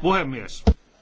Puhemies.